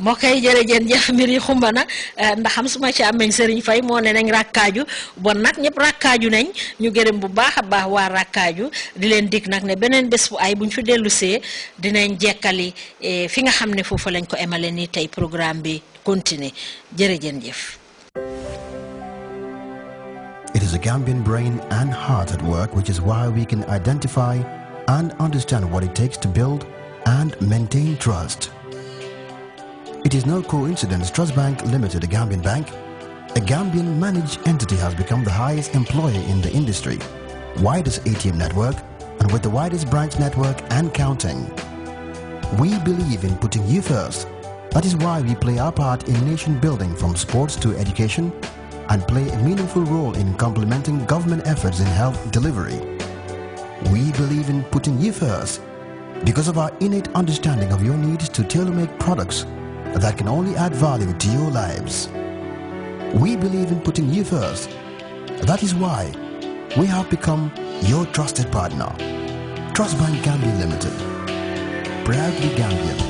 mokay jere jeen jeex miri xumba na eh, ndax am suma ci ameñ serigne fay mo ne rakaju bon nak ñep rakaju nañ ñu gërem bu baaxa baax wa rakaju di leen dik nak ne benen bes bu ay buñ fi delu sé dinañ jekkali eh, fi nga xamne fofu lañ ko émalé ni tay programme bi continuer jere jeen jeef It is a Gambian brain and heart at work which is why we can identify and understand what it takes to build and maintain trust. It is no coincidence Trust Bank Limited, a Gambian bank, a Gambian managed entity has become the highest employer in the industry, widest ATM network, and with the widest branch network and counting. We believe in putting you first. That is why we play our part in nation building from sports to education and play a meaningful role in complementing government efforts in health delivery. We believe in putting you first because of our innate understanding of your needs to tailor-make products that can only add value to your lives. We believe in putting you first. That is why we have become your trusted partner. Trust Bank Gambia Limited. Proudly Gambian.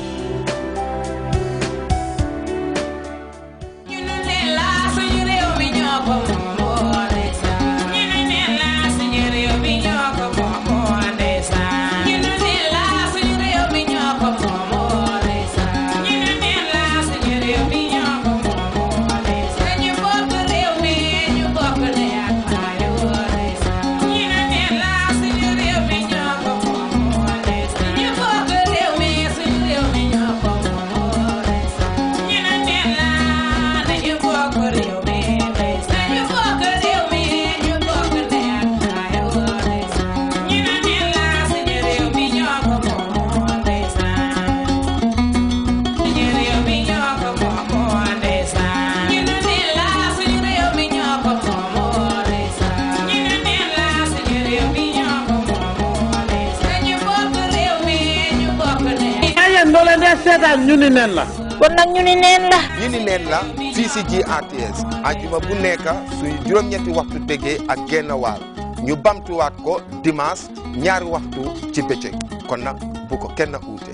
seetaan ñu ni neen la kon nag ñu ni neen la ñu ni neen la fii si GRTS ajuma bu nekk suñu juróom-ñetti waxtu tegee ak genn waal ñu bamtuwaat ko dimaas ñaari waxtu ci bëccëg kon nag bu ko kenn uute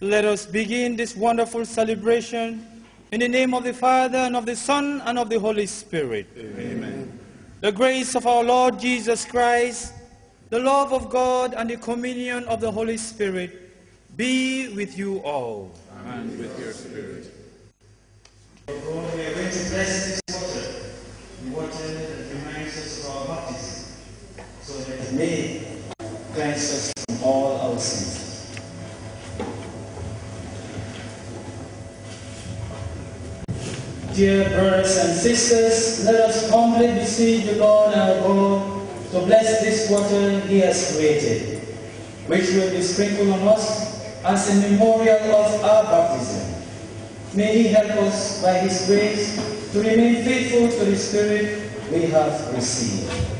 Let us begin this wonderful celebration in the name of the Father, and of the Son, and of the Holy Spirit. Amen. The grace of our Lord Jesus Christ, the love of God, and the communion of the Holy Spirit be with you all. And with your spirit. we are going to bless this water, water that reminds us of our baptism, so Dear brothers and sisters, let us humbly beseech the Lord our God to bless this water he has created, which will be sprinkled on us as a memorial of our baptism. May he help us by his grace to remain faithful to the Spirit we have received.